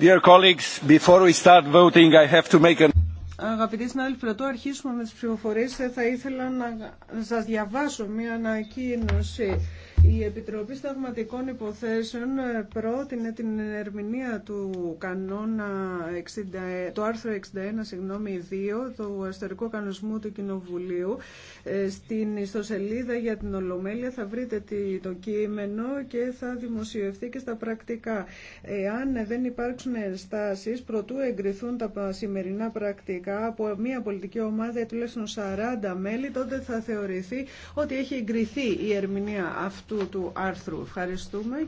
Dear colleagues, before we start voting, I have to make Αγαπητοί συνάδελφοι, πρωτού αρχίσουμε με τις ψηφοφορίες, θα ήθελα να σας διαβάσω μια ανακοίνωση. Η Επιτροπή Σταγματικών Υποθέσεων ε, πρότεινε την ερμηνεία του κανόνα 60, ε, το άρθρο 61, συγγνώμη, 2 του Αστερικού κανονισμού του Κοινοβουλίου. Ε, στην ιστοσελίδα για την Ολομέλεια θα βρείτε το κείμενο και θα δημοσιευθεί και στα πρακτικά. Εάν δεν υπάρξουν ενστάσεις, προτού εγκριθούν τα σημερινά πρακτικά από μια πολιτική ομάδα τουλάχιστον 40 μέλη, τότε θα θεωρηθεί ότι έχει εγκριθεί η ερμηνεία αυτού αυτού του άρθρου. Ευχαριστούμε.